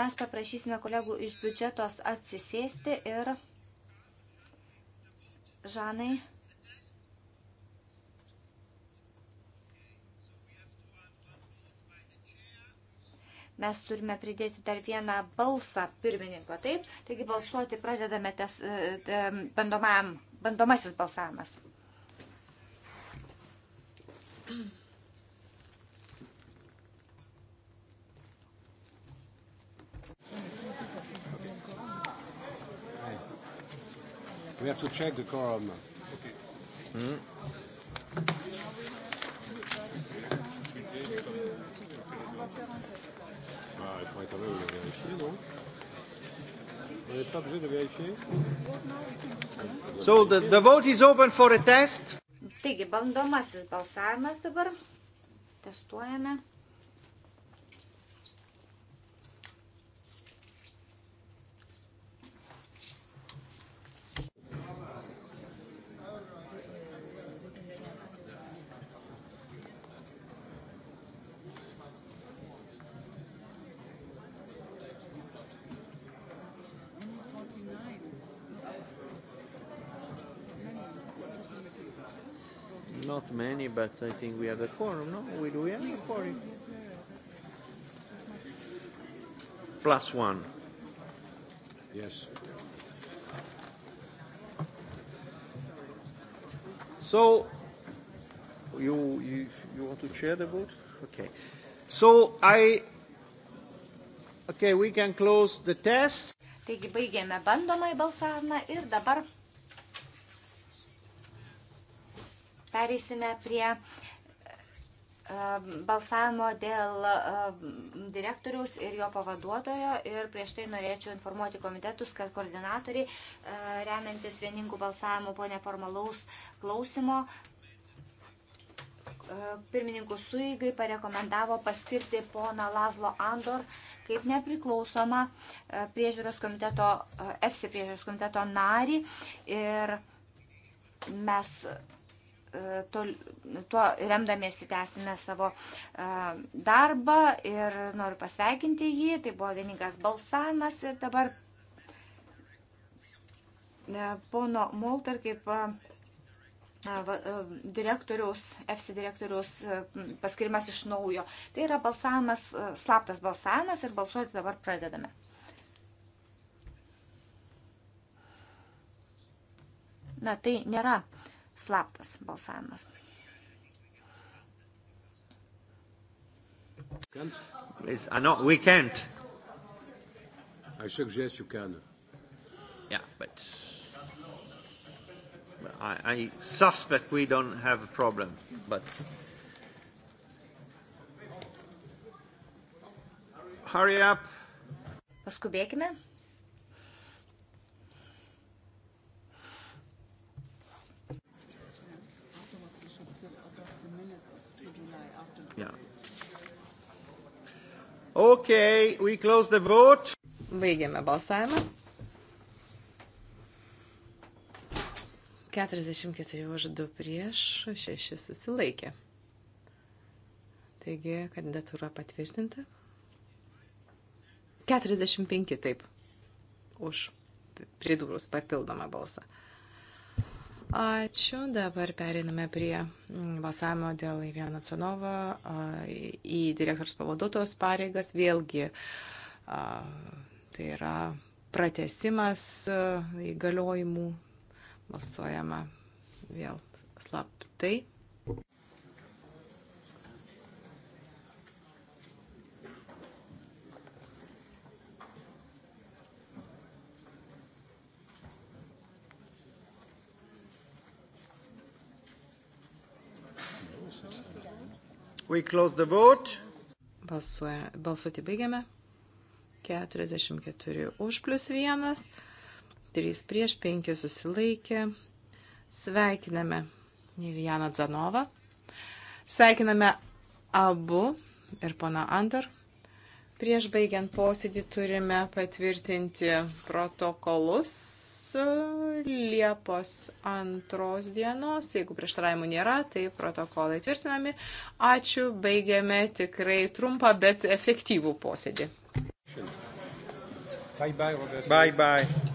Mes paprašysime kolegų iš biudžetos atsisėsti ir Žanai. Mes turime pridėti dar vieną balsą pirmininko, taip? Taigi balsuoti pradedame tes, e, e, bandomam, bandomasis balsavimas. Mm. We have to check the quorum. Okay. Mm. Bah, il faudrait quand même le vérifier, non On n'est pas obligé de vérifier So the, the vote is open for a test. Taigi, bandomasis balsavimas dabar. Testuojame. not many, but I think we have a quorum, no? We do we have a quorum? Plus one. Yes. So, you, you, you want to chair the vote? Okay. So, I... Okay, we can close the test. Taigi, baigėme bandomąjį balsavimą ir dabar Pereisime prie e, balsavimo dėl e, direktoriaus ir jo pavaduotojo ir prieš tai norėčiau informuoti komitetus, kad koordinatoriai e, remiantis vieningų balsavimų po neformalaus klausimo pirmininkų suigai parekomendavo paskirti poną Lazlo Andor kaip nepriklausomą priežiūros komiteto, EFSI priežiūros komiteto narį ir mes tol, tuo remdamiesi tęsime savo e, darbą ir noriu pasveikinti jį. Tai buvo vieningas balsavimas ir dabar e, pono Molter kaip e, direktoriaus, FC direktoriaus paskirimas iš naujo. Tai yra balsavimas, slaptas balsavimas ir balsuoti dabar pradedame. Na, tai nėra slaptas balsavimas. Can't? Please, uh, no, we can't. I suggest you can. Yeah, but I, I suspect we don't have a problem, but. Hurry up. Paskubėkime. Yeah. Okay, we close the vote. Baigėme balsavimą. 44 už 2 prieš, 6 susilaikė. Taigi, kandidatūra patvirtinta. 45 taip. Už pridūrus papildomą balsą. Ačiū. Dabar periname prie mm, balsavimo dėl Irina Canovo į direktorius pavaduotojos pareigas. Vėlgi tai yra pratesimas įgaliojimų. Balsuojama vėl slaptai. We close the vote. Balsuoja, balsuoti baigiame. 44 už plus 1, 3 prieš 5 susilaikė. Sveikiname Nilijaną Dzanovą. Sveikiname abu ir pana Andar. Prieš baigiant posėdį turime patvirtinti protokolus Liepos antros dienos. Jeigu prieštaravimų nėra, tai protokolai tvirtinami. Ačiū, baigėme tikrai trumpą, bet efektyvų posėdį. Bye bye, Robert. Bye bye.